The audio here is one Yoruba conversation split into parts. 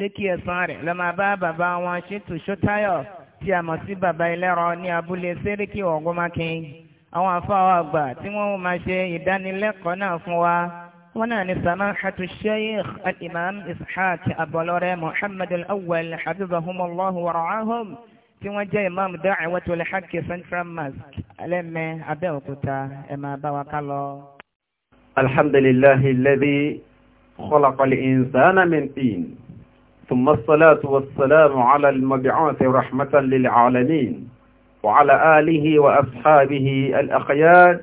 pé kí ẹ̀sán rẹ̀ lọ máa bá bàbá wọn Ṣítù Ṣótáyọ̀ tí a mọ̀ sí bàbá ẹlẹ́rọ ní abúlé Séríkì Ògúnmákin àwọn afáwọ̀ àgbà tí wọ́n máa ṣe ìdánilẹ́kọ̀ọ́ náà fún wa wọ́n náà ni samahatu sheikh al-imam ishaq abọlọrẹ muhammad awwal habibahumullahu wa ra'ahum tí wọ́n jẹ́ imam da'watul haqq central mosque alẹ́mẹ́ abẹ́òkúta ẹ máa bá wa ká lọ. alhamdulillahi alladhi khalaqa insana min ثم الصلاة والسلام على المبعوث رحمة للعالمين وعلى آله وأصحابه الأخيار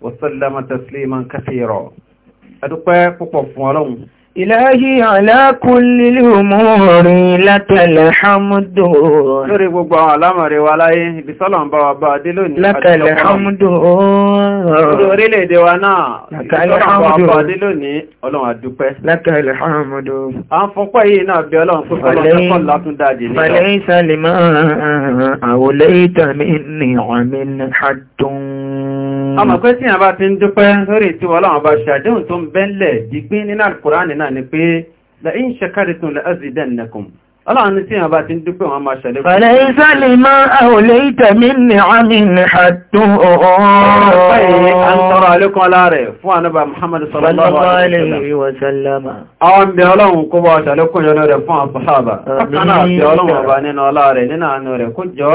وسلم تسليما كثيرا أدقى فقف ولون Ìláhí alákúnlé l'umúrin látàlẹ̀ hamdu. Lórí gbogbo àwọn alámọ̀rẹ̀ wa láyé, ibi sọ́lọ̀ ń bá wa bá dé lónìí. Látàlẹ̀ hamdu. Lórí orílẹ̀-èdè wa náà, ìsọ́lọ̀ ń bá wa bá dé lónìí, ọlọ́run àdúpẹ́. Látàlẹ̀ hamdu. À ń fọ́pọ̀ yìí ọmọ pé tí àbá ti ń dúpẹ́ lórí tí wọ́n láwọn bá ṣe àdéhùn tó ń bẹ́ńlẹ̀ dìgbín nínú Al-Qur'ani náà ni pé la in shakartum la azidannakum ọlọ́run tí àbá ti ń dúpẹ́ wọn máa ṣẹlẹ̀ fẹ́lẹ̀ ìsẹ́lẹ̀ máa àwòlẹ̀ ìtẹ̀mí ní àmì ní àtún ọ̀rọ̀ ọ̀rọ̀ ọ̀rọ̀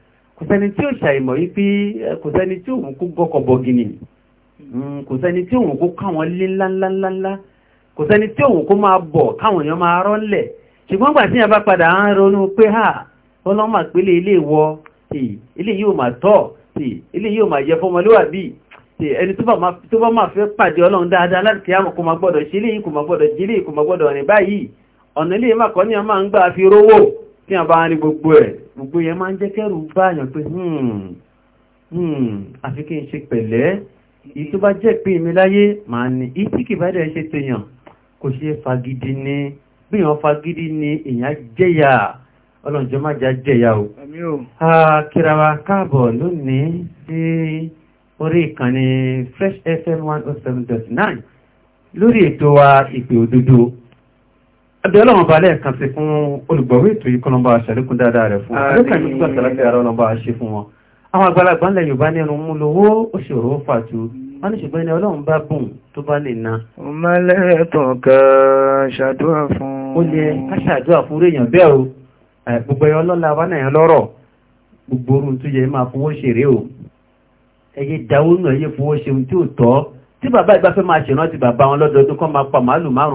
kò sẹ́ni tí ó ṣàìmọ̀ yí pé kò sẹ́ni tí òun kó gọ́kọ̀ bọ̀gìnì hmm, kò sẹ́ni tí òun kó káwọn lé ńláńláńlá kò sẹ́ni tí òun kó máa bọ̀ káwọn èèyàn máa rọ́lẹ̀ ṣùgbọ́n gbà tí yẹn bá padà ń ronú pé hà ọlọ́mà pélé ilé wọ ilé yóò máa tọ́ ilé yóò máa yẹ fọmọlúwàbí ẹni tó bá máa fẹ́ pàdé ọlọ́run dáadáa láti kí á mọ̀ kó máa gbọ́dọ̀ ṣe léyìn kó máa gbọ́dọ̀ jí léyìn kó máa gbọ́dọ̀ rìn báyìí ọ̀nà ilé ìmàkọ́ ní a máa ń gbà fi rówó tí a bá ń rí gbogbo ẹ̀ gbogbo yẹn máa ń jẹ́ kẹ́rù báyàn pé hmm, hmm, àfi kí n ṣe pẹ̀lẹ́ èyí tó bá jẹ́ pé mi láyé màá ní ìsìkì bá dẹ̀ ṣe tèèyàn kò ṣe fagidi ní bí èèyàn fagidi ní èèyàn jẹ́yà ọlọ́njọ́ má jà jẹ́yà o. kírawa káàbọ̀ lónìí sí orí ìkànnì fresh fm one oh seven dot nine lórí ètò wa ìpè òdodo. Adéọ́lọ́wọ̀n bá lẹ́ẹ̀kan sí fún olùgbọ̀wé ètò ìkọlọmbà aṣàríkún dáadáa rẹ̀ fún ọdún ìgbà tàlàfẹ́ ara ọlọ́mbà ṣe fún wọn. Àwọn àgbàlagbà ńlẹ̀ Yorùbá ní ẹnu mú lówó òṣèrò fàájú. Wọ́n ní ṣùgbọ́n ẹni Ọlọ́run bá bùn tó bá lè ná. Ó máa lẹ́ẹ̀tàn ká ṣàdúrà fún. Ó yẹ ká ṣàdúrà fún orí èèyàn bẹ́ẹ̀ o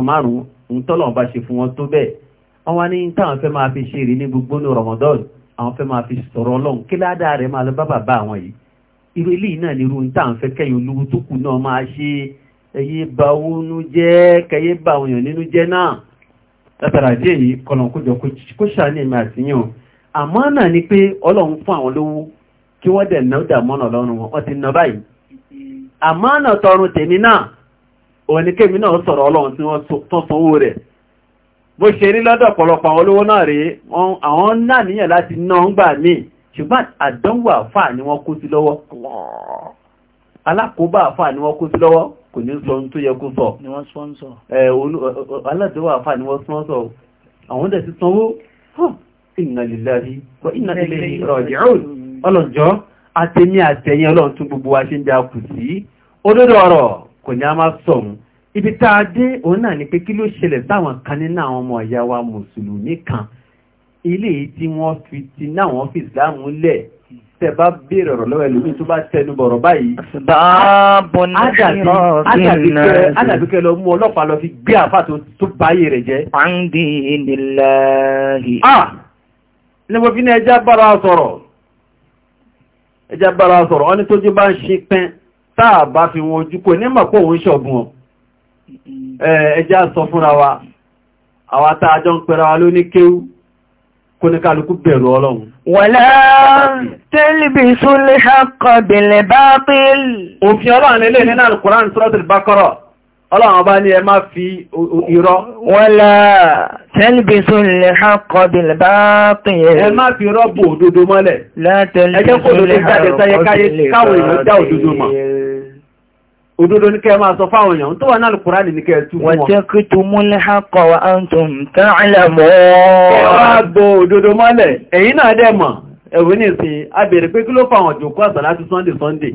ń tọ́lọ̀ bá ṣe fún wọn tó bẹ́ẹ̀ wọ́n wá ní táwọn fẹ́ máa fi ṣe rí ní gbogbo ní Ramadan àwọn fẹ́ máa fi sọ̀rọ̀ ọlọ́run kí ládàá rẹ̀ máa lọ bá bàbá àwọn yìí irú eléyìí náà nírú ní táwọn fẹ́ kẹ́yìn olówó tó kù náà máa ṣe ẹyẹ bá wọnú jẹ́ kẹyẹ bá àwọn èèyàn nínú jẹ́ náà látara díẹ̀ yìí kọlọ̀n kó ṣàní ẹ̀mí àtìyàn àmọ́ náà ni pé ọlọ́run fún àwọn lówó kí wọ́n dẹ̀ náà dàmọ́nà ọlọ́run wọn ti ná báyìí àmọ́ náà tọrùn tèmi náà oníkémi náà sọ̀rọ̀ ọlọ́run tí wọ́n tán sanwó rẹ̀ bó ṣe rí lọ́dọ̀ pọ̀lọpọ̀ àwọn olówó náà rí àwọn náà níyàn láti ná ń gbà míì ṣùgbọ́n àdánwò àfà ni wọ́n kó sí lọ́wọ́ alákòóbá àfà ni wọ́n kó sí lọ́wọ́ kò ní sọ tó yẹ kó sọ ni wọ́n sponsor àwọn dẹ̀ ti sanwó inna lillahi wa inna ilayhi raji'un ọlọ́jọ́ àtẹ̀mí àtẹ̀yìn ọlọ́run tún gbogbo wa ṣe ń bí kù sí òdodo ọ̀rọ̀ kò ní a máa sọ̀hún ibi tá a dé òun náà ni pé kí ló ṣẹlẹ̀ sáwọn kan nínú àwọn ọmọ ìyá wa mùsùlùmí kan ilé yìí tí wọ́n fi ti náà wọ́n fi ìsìláàmù lẹ̀ tẹ bá bèèrè ọ̀rọ̀ lọ́wọ́ ẹlòmí tó bá tẹnu bọ̀rọ̀ báyìí. Adàbíkẹ́ lọ mú ọlọ́pàá lọ fi gbé àfà tó báyé rẹ̀ jẹ́. Fáńdì níláàrí. Ah! fi ní ẹjá bára sọ̀rọ̀. Ẹjá bára sọ̀rọ̀, ọ táà bá fi wọn ojú kò ní mọ̀pọ̀ òun ṣọ̀gùn ẹjá sọ fúnra wa àwa táà jọ ń pẹ̀ra wa ló ní kéwú kó ní kálukú bẹ̀rù ọlọ́run ọlọ́run bá ní ẹ má fi irọ́. wala talbisul haqqa bil batil. ẹ má fi irọ́ bò òdodo mọ́lẹ̀. la talbisul haqqa bil batil òdodo ní kẹ́ máa sọ fáwọn èèyàn tó wà náà Al-Kùránì ní kẹ́ tú fún wọn. wa taktumul haqqa wa antum ta'lamun. ẹwà gbò òdodo mọ́lẹ̀ ẹ̀yin náà dẹ̀ mọ̀ ẹ̀wọ́n ní ìsìn abèrè pé kí ló fà wọn jòkó àsàlátù Sunday Sunday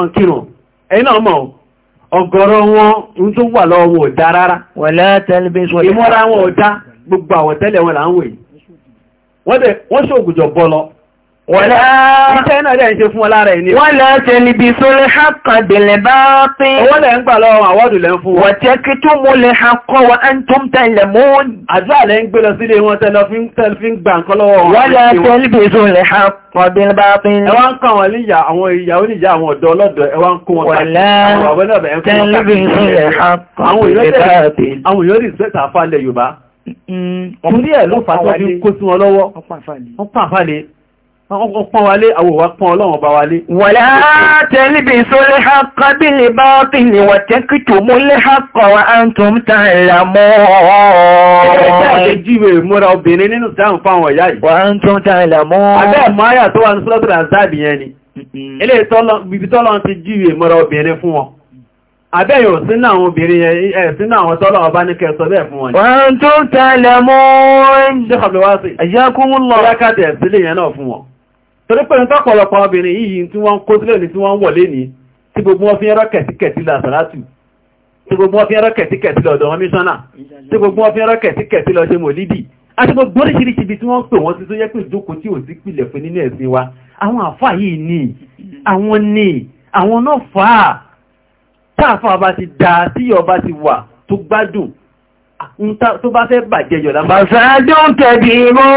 ọ̀kìrùn ẹ̀yìn náà mọ̀ ọ̀gọ̀rọ̀ wọn ń tó wà lọ wọn dá rárá gbogbo àwọ̀tẹ́lẹ̀ wọn là ń wè wọ́n Wọ́lá iṣẹ́ náà dẹ̀ ń ṣe fún wọn lára ẹni. Wọ́n lọ ṣe níbi sólé ṣàkàn bèèrè bá pín. Owó lẹ̀ ń gbà lọ́wọ́ àwọ́dù lẹ́ ń fún wọn. Wọ̀tẹ́ kí tó mú lè ha kọ́ wọn án tó ń tẹ̀lẹ̀ mú. Àdúrà lẹ́ ń gbé lọ sílé wọn tẹ́lọ fi ń gbà nǹkan lọ́wọ́ wọn. Wọ́n lọ ṣe níbi sólé ṣàkàn bèèrè bá pín. Ẹ wá ń kàn wọ́n níyà àwọn ìyàwó níyà àwọn ọ̀dọ́ ọlọ́dọ̀ ẹ wá ń kó wọn káàkiri. Wọ́n lọ ṣe níbi pọ́n wálé àwòwà pọ́n ọlọ́run bá wálé. wọ̀lá tẹ́líbì sólé haqqa bil batil wa taktumul haqqa wa antum ta'lamun. ẹgbẹ́ àgbẹ̀jíwè múra obìnrin nínú dáhùn fáwọn ọ̀yá yìí. wa antum ta'lamun. abẹ́ máyà tó wà ní sọ́lọ́tọ̀ àzáàbì yẹn ni. ilé ìtọ́lọ́ ti jíwè múra obìnrin fún wọn àbẹ́ yóò sínú àwọn obìnrin ẹ̀sínú àwọn tọ́lọ̀ ọba ní kẹsọ bẹ́ẹ̀ fún wọn ni. wọ́n tó tẹ́lẹ̀ mọ́ ẹ́yìn torí pé ní tọ́pọ̀lọpọ̀ obìnrin yìí tí wọ́n kó sílẹ̀ ní tí wọ́n wọlé ní tí gbogbo wọn fi ẹrọ kẹ̀tíkẹ̀tí lásàlátù tí gbogbo wọn fi ẹrọ kẹ̀tíkẹ̀tí lọ́dọ̀ wọn mísọ́nà tí gbogbo wọn fi ẹrọ kẹ̀tíkẹ̀tí lọ ṣe mòlídì àti gbogbo oríṣiríṣi ibi tí wọ́n pè wọ́n sí tó yẹ pé ìjókòó tí ò sí pìlẹ̀ fún nínú ẹ̀sìn wa àwọn àfà yìí ni àwọn ni àwọn náà fà á táàfà bá ti dáa tí ọba ti wà tó gbádùn tó bá fẹ́ bàjẹ́ yọ̀lá bá ṣáájọ́ tẹ̀bí mọ́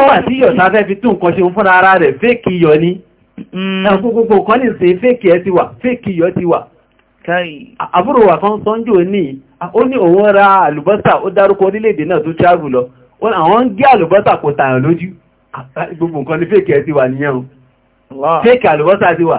ọ̀pá tí yọ̀ sáfẹ́ fi tún nǹkan ṣe fún ara rẹ̀ fẹ́ẹ̀kì yọ mm. ní ẹ̀kùn gbogbo kan ní sí fẹ́ẹ̀kì ẹ ti wà fẹ́ẹ̀kì yọ ti wà àbúrò wà kan sọ́njò ní ó ní òun ra àlùbọ́sà ó dárúkọ orílẹ̀-èdè náà tó travel lọ àwọn ń gé àlùbọ́sà kò tààràn lójú gbogbo nǹkan ní fẹ́ẹ̀kì ẹ ti wà nìyẹn fẹ́ẹ̀kì àlùbọ́sà ti wà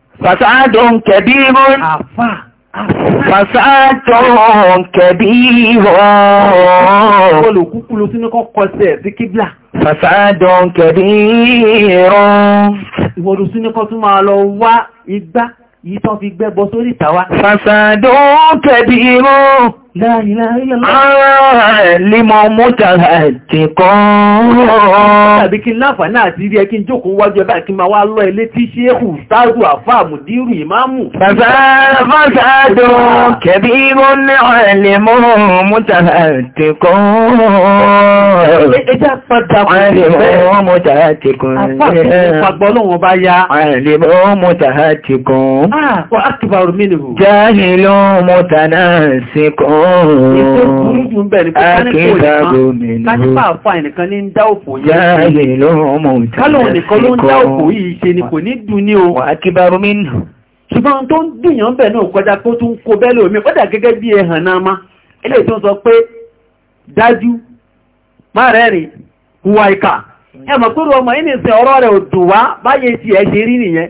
Fasádùn kẹbí rún. Àfà. Fasádùn kẹbí rún. Olùkúkú ló sínú kọ́kọ́ sí ẹ̀ sí kíblà. Fasádùn kẹbí rún. Ìwọ̀dù sínú kọ́ tún máa lọ wá igbá, yìí fi gbẹ́bọ sórí ìtàwá. Fasádùn kẹbí Límọ̀ múta ti kan. Tàbí kí náàfà náà ti rí ẹ kí n jókòó wájú ẹbá kí máa wá lọ ilé tí ṣéhù, sáàrù, àfáàmù, dírù, ìmáàmù. Fàfàfàdùn kẹbí mú ní ọ̀lẹ́mọ̀ múta ti kan. Ẹjá padà kú. Ọ̀lẹ́mọ̀ múta ti kan. Àfáàkì pàgbọ́ lọ́wọ́ bá yá. Ọ̀lẹ́mọ̀ múta ti kan. Wà á kìbàrù ṣùgbọ́n tó ń dùnyàn bẹ̀ náà kọjá tó tún kó bẹ́lò mi kọ́dà gẹ́gẹ́ bí ẹ̀hàn náà má ilé tó sọ pé dájú má rẹ̀rìn huwa ìkà ẹmọ̀ tó ọmọ inú ìsìn ọ̀rọ̀ rẹ̀ òdùnwá báyé ti ẹ̀ rí nìyẹn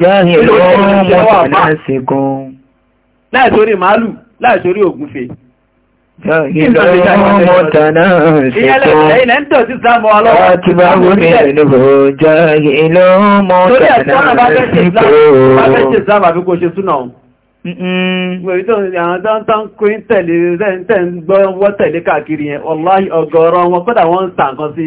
Jẹ́rin ihe mọ́ta náà ṣe gan. Láìsórí màálù, láìsórí ògúnfe. Jẹ́rin ìwọ̀n mọ́ta náà ṣe gan. Ẹ̀yìn ẹ̀ ń tọ̀ sí ìsìlámù ọlọ́wọ́. Láti bá wúrí ẹ̀lú bò, jẹ́rin ìwọ̀n mọ́ta náà ṣe gan. Bá fẹ́ ṣe ìsìlámù àbí kò ṣe súnà ọ̀hún. Gbèrí tó àwọn tó ń tán kú ń tẹ̀lé, tẹ́ ń gbọ́ wọ́n tẹ̀lé káàkiri yẹn, wọn kọ́dà wọ́n ń sí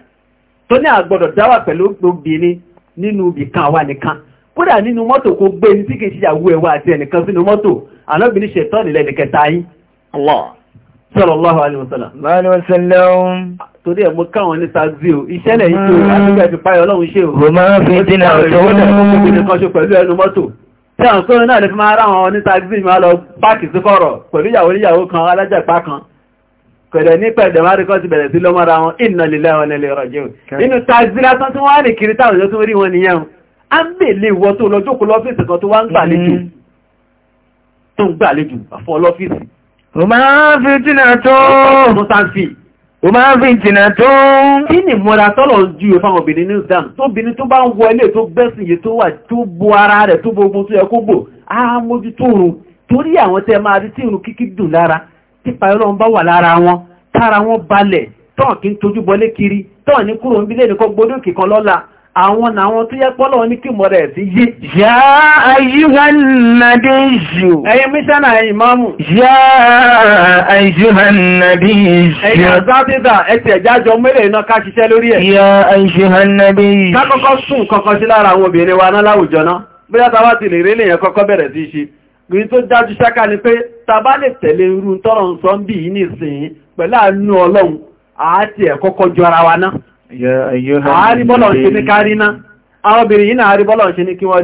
tó ní àgbọ̀dọ̀ dáwà pẹ̀lú obìnrin nínú ibì kan àwa nìkan kódà nínú mọ́tò kò gbé ní tí kì í ṣíyàwó ẹwà àti ẹnìkan sínú mọ́tò ànábìnrin ṣe tọ́ nílẹ̀ nìkẹta yín sallallahu alaihi wasallam torí ẹ̀mú káwọn ní sáàzí o ìṣẹ̀lẹ̀ yìí tó àtúgbà ti páyọ ọlọ́run ṣe o ma ń fi dínà ọ̀tọ́ pẹ̀lú ẹnu mọ́tò tí àwọn sọ́rọ̀ náà lè fi máa ráwọn ní sáàzí ma lọ kọ̀dẹ̀ ní pẹ̀lẹ̀ máa rí kọ́ ti bẹ̀rẹ̀ sí lọ́mọ́ra wọn inna lillahi wa inna ilaihi raji'un inú tàìsílá tán tí wọ́n rí kiri táwọn tó rí wọn nìyẹn a ń bè lè wọ́ tó lọ́jọ́kù lọ́fíìsì kan tó wá ń gbàlejò mm-hmm. tó ń gbàlejò àfọ́ lọ́fíìsì o máa ń fìtìnà tó kí ni mọ́ra tọ́lọ̀ ju ìfà ń wọ ilé tó gbẹ́sìn yìí tó wà tó bo ara rẹ̀ tó bo tó yẹ kó pípa ọlọ́run bá wà lára wọn tára wọn balẹ̀ tọ́n kí ń tójú bọlé kiri tọ́n ní kúrò ń bílẹ̀ nìkan gbódó kìkan lọ́la àwọn àwọn tó yẹ pọ́lọ̀ ní kí mọ̀ rẹ̀ sí yé. yá ayyuhannabiyu. ẹ̀yin mísánà ẹ̀yin mọ́mù. yá ayyuhannabiyu. ẹ̀yin àzátìdà ẹ̀tẹ̀ jájọ mẹ́rẹ̀ iná ká ṣiṣẹ́ lórí ẹ̀. yá ayyuhannabiyu. ká kọ́kọ́ sún kọ́kọ́ sí lára àwọn obìnrin wa náà náà bóyá gbìyí tó dájú ṣáká ni pé tàbá lè tẹ̀lé irú tọ́rọ ń sọ ń bí ní ìsìn pẹ̀lú àánú ọlọ́run àti ẹ̀kọ́kọ́ jọra wa náà àárí bọ́lọ̀ ń ṣe ní kárí náà àwọn obìnrin yìí náà naa ṣe ní kí wọ́n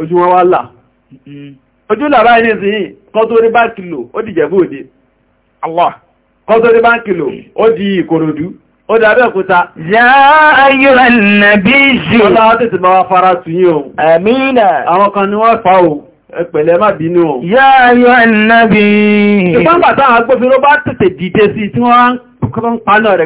ojú wọn wá là ojú làbá ilé sí yìí kọ́ tó rí báńkì lò ó di Ìjẹ̀bú Òde kọ́ tó rí báńkì lò ó di Ìkòròdú ó di Abẹ́òkúta yá ayúra nàbí jù ọlá tètè bá fara tù yí o àwọn kan ni wọ́n fa o ẹ̀pẹ̀lẹ̀ má bínú o yá ayúra nàbí ìpọ́nbà agbófinró bá tètè dìde sí tí wọ́n ń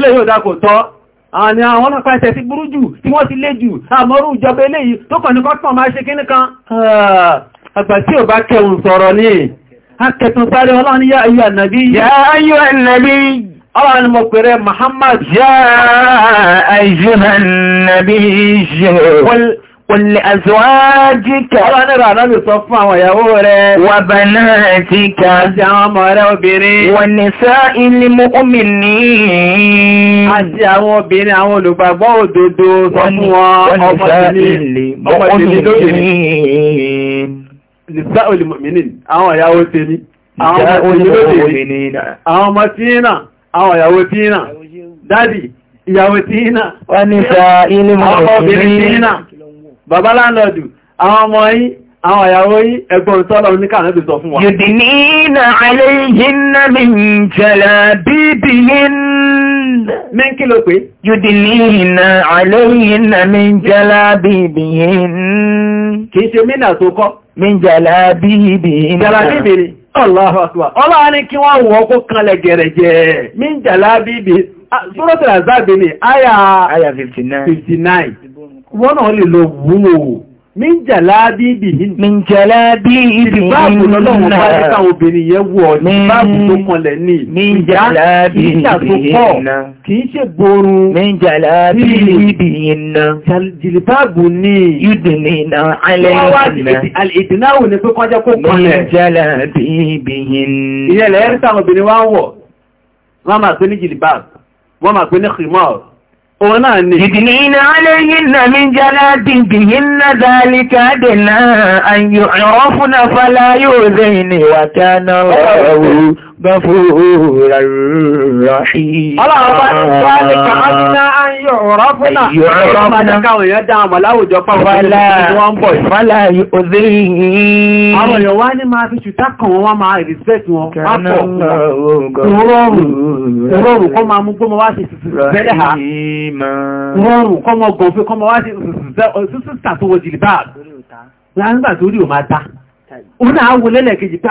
rẹ̀ pé ah, àní àwọn ọlọ́pàá ẹsẹ̀ ti burú jù tí wọ́n ti lé jù àmọ́rú ìjọba eléyìí tó kàn ní kọ́tàn máa ṣe kíní kan ah, àgbà tí ò bá kẹun sọ̀rọ̀ ní akẹtùn sáré ọlọ́ni yá ayú ànàbí Muhammad yá ayú ànàbí Olè àzọ́ájíkà. Ọlá ní ràná lè sọ fún àwọn ìyàwó rẹ̀. Wà bẹ̀nà àti ìkà. Àti àwọn ọmọ rẹ̀ obìnrin. Wà ní sá ilé mú omi ní. Àti àwọn obìnrin àwọn olùgbàgbọ́ òdodo sọ fún wọn ọmọ ìlú. Ọmọ ìlú lórí. Nìsá olùmọ̀mìnì, àwọn ìyàwó tèmi. Àwọn ọmọ tínà, àwọn ìyàwó tínà. Dádì, ìyàwó tínà. Wà ní sá ilé mú omi ní. bàbá lánàdù àwọn ọmọ yí àwọn àyàwó yí ẹgbọ́n tọ́lọ ní kànáàbì sọ fún wa. yudnina alayhinna min jalabibihin. min kí ló pé? yudnina alayhinna Allahu Ọlọ́run kí wọ́n wọ́n kó gẹ̀rẹ̀ jẹ́. ni, 59. wọ́n náà lè lọ wúwo min jàlábí ibìhìn min jàlábí ibìhìn báàbù lọ́lọ́wọ́ bá ní káwọn obìnrin yẹn wọ̀ ní báàbù tó kọlẹ̀ ní min jàlábí ibìhìn náà kìí ṣe borun min jàlábí ibìhìn náà jìlìbáàbù ní ìdìnnà alẹ́yìnà ní pé kọjá kó kọlẹ̀ min jàlábí ibìhìn ìyẹ̀lẹ̀ ẹ̀rí táwọn obìnrin wá ń wọ̀ wọ́n máa pé ní jìlìbáàbù wọ́n máa pé ní khimar Òun náà ni. Ìdìní iná aléyìn náà mi jẹ́lá dìbì yìí náà dáríká dènà àyọ̀ fún náà yóò lè ní ìwà kí á náà rọrùn. غفورا رحيما ọlọ́run bá ní kàmánà ayọ̀ rọ́fúnà ìyọ̀rọ̀mọ́nà káwọn èèyàn dá àmà láwùjọ pàpàá wọ́n bọ̀ ìfàlà òdé yìí àwọn èèyàn wá ní máa fi ṣùtá kan wọ́n máa respect wọn pápọ̀ rọrùn kọ́ máa mú gbọ́mọ wá sí bẹ́rẹ̀ ha rọrùn kọ́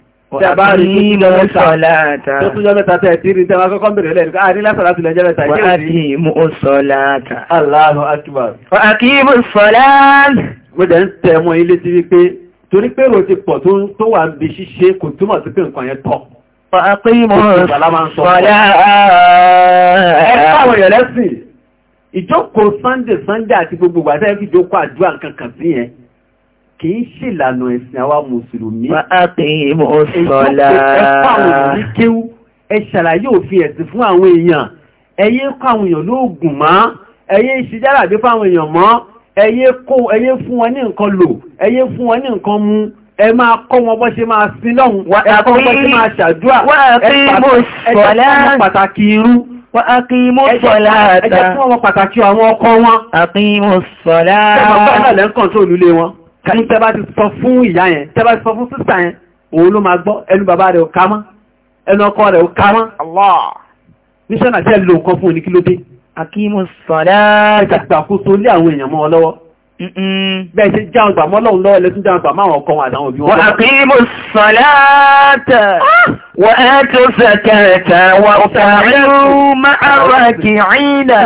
tí a bá rí ìjọ mẹ́ta ah, Allahu akbar akíbù sọ́láàtà gbọ́dẹ̀ ń tẹ́ mọ́ ilé sí wípé torí pé rò ti pọ̀ tó wà ń bí ṣíṣe kò túmọ̀ sí pé nǹkan yẹn tọ́ ìjókòó Sunday Sunday àti gbogbo àtẹ́ fi jókòó àdúrà kankan sí yẹn kìí ṣìlànà ẹ̀sìn àwa mùsùlùmí. wà á pè é mọ́ sọ́lá. ẹ fáwọn òbí kéwú ẹ ṣàlàyé òfin ẹ̀sìn fún àwọn èèyàn ẹyẹ kọ́ àwọn èèyàn lóògùn mọ́ ẹyẹ ìṣìjára bí fáwọn èèyàn mọ́ ẹyẹ kó ẹyẹ fún wọn ní nǹkan lò ẹyẹ fún wọn ní nǹkan mu ẹ máa kọ́ wọn bọ́ ṣe máa sin lọ́hùn ẹ kọ́ wọn bọ́ ṣe máa ṣàdúrà ẹ pàtàkì pàtàkì irú Wa aqimu ssalata. Ẹjẹ́ fún ọmọ pàtàkì àwọn ọkọ wọn. Aqimu ssalata. Ṣé ọmọ bá ń lẹ́ńkàn tó lulé wọn? kàní tẹ́bá ti sọ fún ìyá yẹn tẹ́bá ti sọ fún sísà yẹn òun ló máa gbọ́ ẹnu bàbá rẹ̀ ò ká mọ́ ẹnu ọkọ rẹ̀ ò ká mọ́ níṣẹ́ náà tẹ́ lo nǹkan fún oníkílódé akímù sọ̀dá ẹ̀ta gbàkóso lé àwọn èèyàn mọ́ ọ lọ́wọ́ bẹ́ẹ̀ ṣe jáwọn gbàmọ́ lọ́wọ́ lọ́wọ́ lẹ́tún jáwọn gbàmọ́ àwọn ọkọ̀ àtàwọn òbí wọn. wà á kí mo sọ̀láàtà wà á tó sàkàrẹ̀tà wà tààrẹ́rù máa wà kì ìrìnà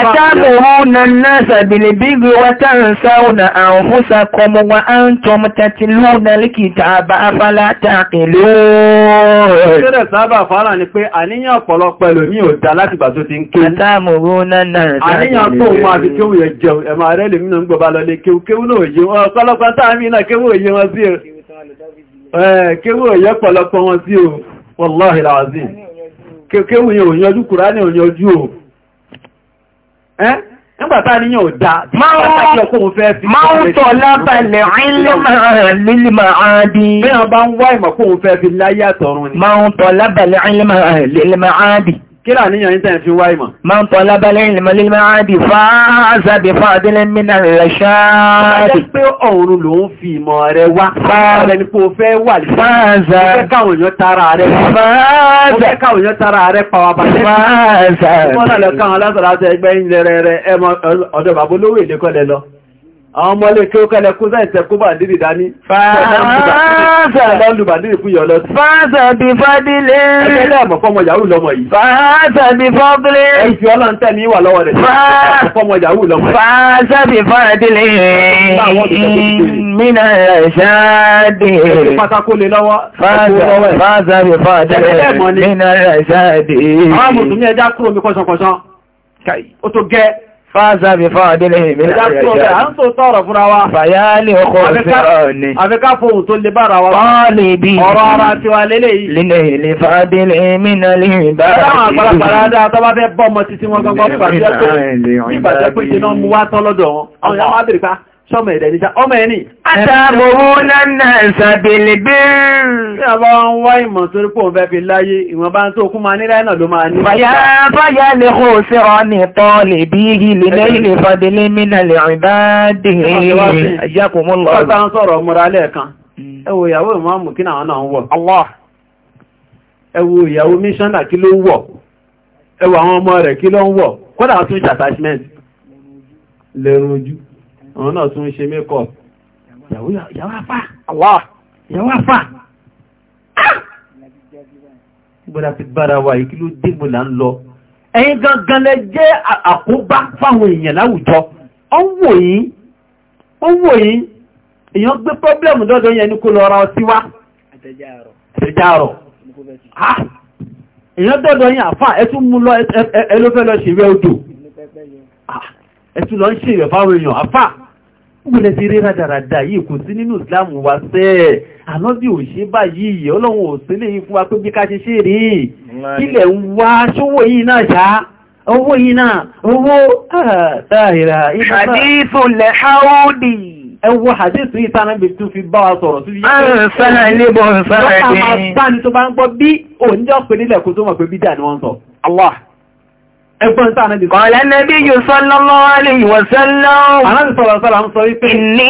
àtàmùhù nàná sàbìlìbìbì wà tàǹsáwùnà àǹfúsà kọmọ wà á ń tọmọ tẹ́rẹ̀ sábà fara ni pé àníyàn ọ̀pọ̀lọpọ̀ ẹlòmí ò dá láti gbà tó ti ń ké. Àtàmùrú náà àníyàn tó mú àti kéwù yẹ jẹun ẹ̀mà rẹ̀ lèmi náà ń gbọ́bá lọ lé kéwù kéwù náà yé nígbàtá níyàn ò dá máa ń tọ́ lábàlẹ̀ ìlímà àádìí bí wọ́n bá ń wá ìmọ̀ kóhun fẹ́ fi láyé àtọ̀run kíra níyàn ní tẹ́ẹ̀ fi wá ìmọ̀. máa ń tọ́lá bá lẹ́yìn lèmọ́ lèmọ́ àbí fáàzàbí fáàdínlẹ̀ mìíràn rẹ̀ ṣáàdì. pé ọ̀run ló ń fi ìmọ̀ rẹ̀ wá. fáàrẹ̀ ni kò fẹ́ wà lè. fáàzà. ó fẹ́ káwọn èèyàn tara rẹ̀. fáàzà. ó fẹ́ káwọn èèyàn tara rẹ̀ pa fáàzà. ó mọ́ àwọn ọmọ ilé kí ó kẹ́lẹ̀ kú sáì tẹ́kú bá dìdì dání fàáàzà bí fọ́dílé ẹgbẹ́lẹ́ àmọ̀fọ́mọ yahoo lọ́mọ yìí fàáàzà bí fọ́dílé ẹ̀fì ọlọ́ntẹ́ ní ìwà lọ́wọ́ rẹ̀ fọ́mọ yahoo lọ́mọ yìí fàáàzà bí fọ́dílé mínà rẹ̀ṣáàdì pátákó lè lọ́wọ́ fàáàzà bí fọ́dílé mínà rẹ̀ṣáàdì Fáàzà bí fáwọn adélé ìmìnà ìrẹ̀ṣẹ́. Àǹtò tọ́rọ̀ fúnra wa. Fàyálì ọkọ̀ òṣèrò ni. Àfikà fòhùn tó lè bára wa. Bọ́ọ̀lì bí i. Ọ̀rọ̀ ara ti wà lélẹ̀ yìí. Lílẹ̀ ilé ìmìnà ìrìnbá. Láwọn sọmọ ẹ̀dẹ̀ níta ọmọ ẹni àtàbòwò lẹ́nà ìsàbìlì bí i àbá ń wá ìmọ̀ sórí pò ń fẹ́ fi láyé ìwọ̀n bá ń tó kún máa nílẹ̀ náà ló máa ní fàyà lè kó sí ọ́nì tọ́ lè bí i lè lè fàdílé mínà lè rìn bá dì ẹwọ ìyàwó míṣánà kí ló ń wọ̀ àwọn náà tún ṣe makeup yàwó afá yàwó afá gbọ́dá ah! ti bára wa yìí kí ló dé mo là ń lọ ẹ̀yin gangan lẹ jẹ́ àkóbá fáwọn èèyàn láwùjọ ọwọ́ yìí ọwọ́ yìí èèyàn gbé pọ́blẹ́mù dọ́dọ̀ yẹn ní kó lọ ra ọtí wá àtẹ̀jáàrọ̀ èèyàn dọ́dọ̀ yẹn àfà ẹtún mú lọ ẹlọ́fẹ́ lọ ṣèwé odò ah! ẹtún lọ ń ṣèwé fáwọn èèyàn àfà gbẹ̀lẹ̀ ti rí rádaràdà yìí kò sí nínú ìsìláàmù wa sẹ́ ànábì ò ṣe báyìí ọlọ́run ò sí lè fún wa pé bí ká ṣe ṣe rí ilẹ̀ wa ṣówó yìí náà ṣá owó yìí náà owó àtàrà ah, hadithu lè haúdì ẹwọ hadithu yìí tánà bí tún fi bá wa sọ̀rọ̀ ah, Ẹgbọ́n tàà nẹ́bí. Kọ̀lá nẹ́bí yóò sọ́lọ́lọ́ aléyìn wọ̀ sẹ́lọ́. Àránsì sọ̀rọ̀ sọ́lọ́ ń sọ wípé. Ní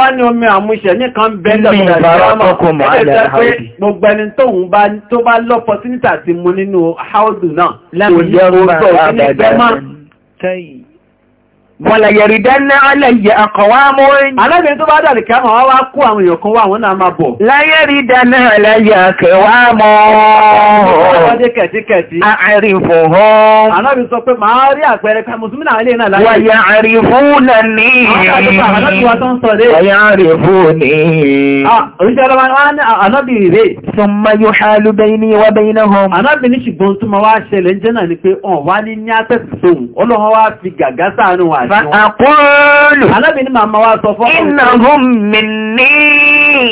bá ní omi àmúṣẹ ní kan bẹ́lẹ̀ gbogbo lọ́pọ̀ sínítà ti mú nínú áódù náà. Lámúyẹ́rùmá àbàdà wọ́n lẹ̀ yẹ̀rì dẹ́nà alẹ́yẹ àkọ̀wà mọ́rin. alábìnrin tó bá dàrí kí a máa wá kó àwọn èèyàn kan wá àwọn náà máa bọ̀. láyẹ̀rì dẹ́nà alẹ́yẹ àkẹwà mọ́. àárín fún hàn. alábìnrin sọ pé máa rí àpẹẹrẹ pé mùsùlùmí náà lè náà láyé. wàyà àárín fún nàní. wàyà àárín fún ní. oríṣi ọlọ́wọ́ anábì rè. sọmọ ni Fàkọ́ọ̀lù. Alábìnrin màmá wa sọ fọ́. Iná hùn mi ní.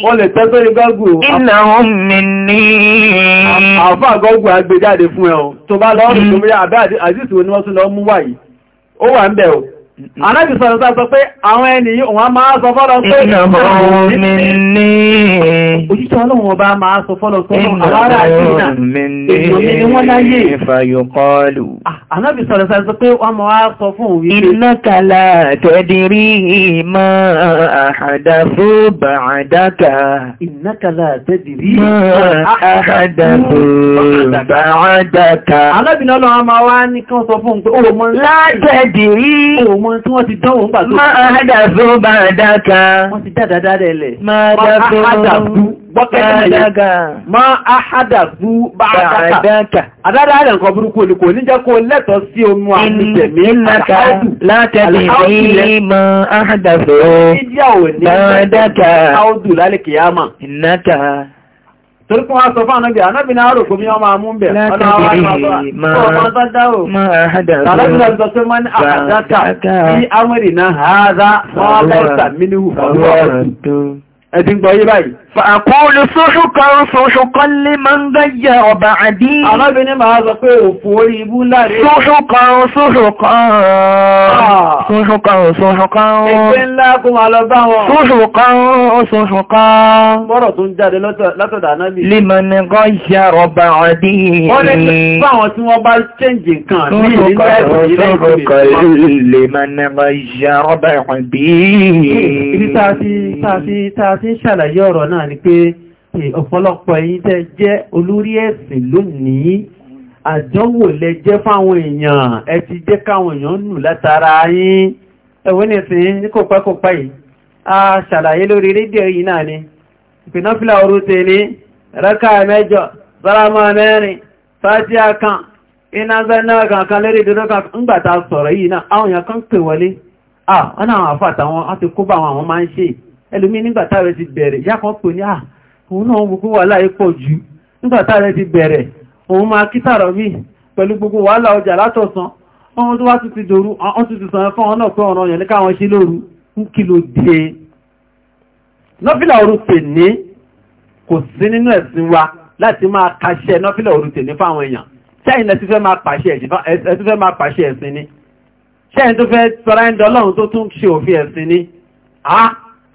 Wọ́n lè tẹ́ sórí gọ́gù. Iná hùn mi ní. Àfà gọ́gù agbèjáde fún ẹ o. Tó bá lọ́rùn tó bí abẹ́ àdìsí wo ni wọ́n tún lọ mú wáyìí. Ó wà ń bẹ̀ o. Ànábì sọ̀rọ̀ sọ pé àwọn ẹni wọ́n máa sọ fọ́lọ̀ pé òjíṣẹ́ ọlọ́run ọba máa sọ fọ́lọ̀ pé àwárá àjínà èdòmí ni wọ́n láyé ìfàyọkọlù. Ànábì sọ̀rọ̀ sọ pé wọ́n máa sọ fún òwúrí. Iná kàlà tẹ́dìrí mọ́ àhàdà fó bàádáka. Iná kàlà tẹ́dìrí mọ́ àhàdà fó bàádáka. Ànábì náà lọ́ mọ́ tí wọ́n ti dánwò ń pàtó. máa dàzó bá dáka. wọ́n ti dáadáa rẹ̀ lẹ̀. máa dàzó bọ́kẹ́dàdàgà. máa àhádàzú bá dáka. àdáda rẹ̀ nǹkan burúkú ni kò kó lẹ́tọ̀ọ́ sí omi àti tẹ̀mí àtàkùn. látẹ̀lé ní mọ àhádàzó bá dáka. Torípọ̀ wá sọ fún ànábì, ànábì náà rò kò mí ọmọ àmúbẹ̀, ọ̀nà àwọn àmàbà, ọmọ àtọ́dáwò, tàbí àjọ tó mọ́ ní àkàdáka, ní àmìrì náà, àádá, wọ́n bẹ́ẹ̀ sàmínú ọdún ọdún ẹ̀díngbọ̀ yí báyìí. Fàkúlù sóṣù kan sóṣù kan lè máa ń gáyà ọba àdí. Arábìnrin máa sọ pé òfò orí ibú láàrin. Sóṣù kan sóṣù ah. kan. Sóṣù kan sóṣù kan. Ẹgbẹ́ ńlá kó máa lọ bá wọn. Sóṣù kan sóṣù kan. Bọ́rọ̀ tó ń jáde látọ̀dà náà bí. Lè máa ní gáyà ọba àdí. Wọ́n lè fáwọn Sóṣù kan lè tààfin ṣàlàyé ọ̀rọ̀ náà ni pé ọ̀pọ̀lọpọ̀ ẹ̀yin tẹ́ jẹ́ olórí ẹ̀sìn lónìí àjọwò lẹ jẹ́ fáwọn èèyàn ẹ ti jẹ́ káwọn èèyàn nù látara yín ẹ̀wọ́n ní ẹ̀sìn ní kò pẹ́ kò a ṣàlàyé lórí rédíò yìí náà ni ìpínáfílà orú tèlé rákà mẹ́jọ sálámà mẹ́rin fátíà kan iná zẹ́nà kankan lérí ìdúró kan ńgbàtà sọ̀rọ̀ ah wọ́n náà àwọn àfàtàwọn á ti kó bá àwọn máa ń ṣe ẹlòmí nígbàtà rẹ̀ ti bẹ̀rẹ̀ yákan pè ní à ah, òun náà gbogbo wà láì pọ̀ jù nígbàtà rẹ̀ ti bẹ̀rẹ̀ òun máa kítàrọ̀ mí pẹ̀lú gbogbo wàhálà ọjà látọ̀sán ọmọ tó wá tún ti dòru ọ́n tún ti sàn fún ọ̀nà pé ọ̀rọ̀ yẹn káwọn ṣe lóru ń kí ló dé nọ́fílà òru tèní kò sí nínú ẹ̀sìn wa láti máa kàṣẹ ṣẹ́yìn tó fẹ́ sọ́rọ̀ ẹ̀ndọ́lọ́run tó tún ṣe òfin ẹ̀sìn ni ah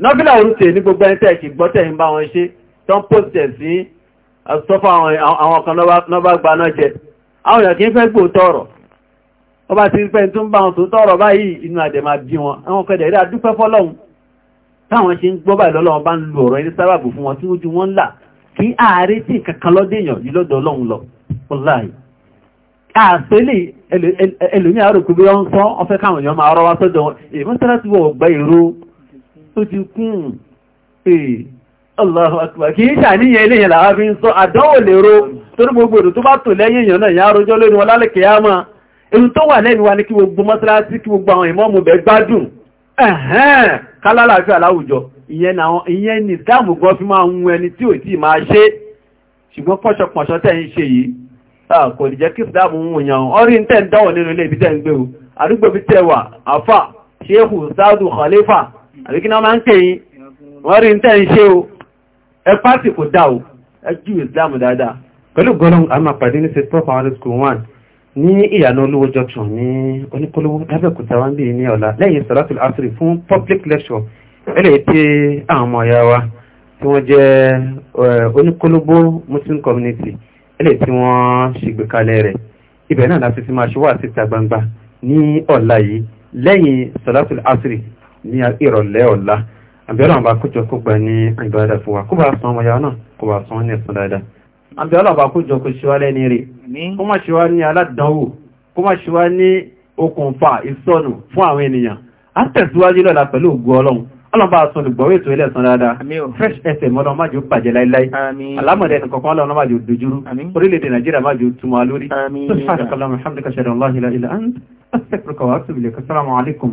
nọ́bílà orúṣe ní gbogbo ẹni tẹ́ẹ̀kì gbọ́tẹ̀ ń bá wọn ṣe tó ń pòsìtẹ̀ sí àsọ́fà àwọn kan lọ́bá gba náà jẹ àwọn èèyàn kì í fẹ́ gbò tọrọ ọba ti fẹ́ tó ń bá wọn tó tọrọ báyìí inú àdẹ̀ máa bí wọn àwọn kẹ́dẹ̀ rí adúpẹ́ fọ́lọ́hun táwọn ṣe ń gbọ́ báyìí lọ́lọ́wọ́n bá ń lo ọ̀rọ̀ ilé sábàbù fún wọn tí ojú wọn ń là kí ààrẹ ó ti kún èè Allahu akbar kìí ṣàníyàn eléyìn làwọn fi ń sọ àdánwò lèrò torí gbogbo èdò tó bá tò lẹ́yìn èèyàn náà yà rojọ́ lórí wọn lálẹ́ kìyàmá èyí tó wà lẹ́nu wa ní kí gbogbo mọ́sálásí kí gbogbo àwọn ìmọ́mù bẹ̀ gbádùn ẹ̀hẹ́n kálálàáfíà láwùjọ ìyẹn ni ìsìláàmù gan fi máa ń ẹni tí ò tí máa ṣe ṣùgbọ́n pọ́ṣọpọ̀ṣọ tẹ́ ń àríkí náà máa ń kèyìn wọ́n rí tẹ́ ń ṣe o ẹ pàtì kò dá o ẹ jú ìsìlámù dáadáa pẹ̀lú gọ́lọ́n a máa pàdé ní state pop school one ní ìyànà olówó junction ní oníkólówó lábẹ́kúta wá bí ní ọ̀la lẹ́yìn salatul asri fún public lecture ẹlẹ́yìí tí àwọn ọmọ ọ̀yá wa tí wọ́n eh, muslim community ẹlẹ́yìí tí wọ́n ṣègbékalẹ̀ rẹ̀ ibẹ̀ náà láti fi máa ṣe wá síta gbangba ní ọ̀la yìí ní ìrọ̀lẹ́ ọ̀la àbíọ́lá ọba kójọ kó gbà ní ìbáradà fún wa kó bá san ọmọ yàrá náà kó bá san ní ẹ̀sán dáadáa àbíọ́lá ọba kójọ kó ṣe wá lẹ́ni rè kó má ṣe wá ní aládánwò kó má ṣe ní okùnfà ìsọnù fún àwọn ènìyàn a tẹ̀síwájú lọ́la pẹ̀lú ògùn ọlọ́run ọlọ́ba àsun olùgbọ́wé ètò ilẹ̀ ẹ̀sán dáadáa fresh fm ọlọ́run májò bàjẹ́ láíláí alámọ̀dé ẹnì kọ̀ọ̀kan ọlọ́run májò dojúrú orílẹ̀-èdè nàìjíríà májò túmọ̀ lórí tó ṣàkàlà muhammed kashir allah ilaha illa anta astaghfiruka wa atubu ilayk assalamu alaikum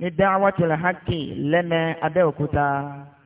ní dáwàtìlá hákì lẹ́mẹ́ abẹ́òkúta.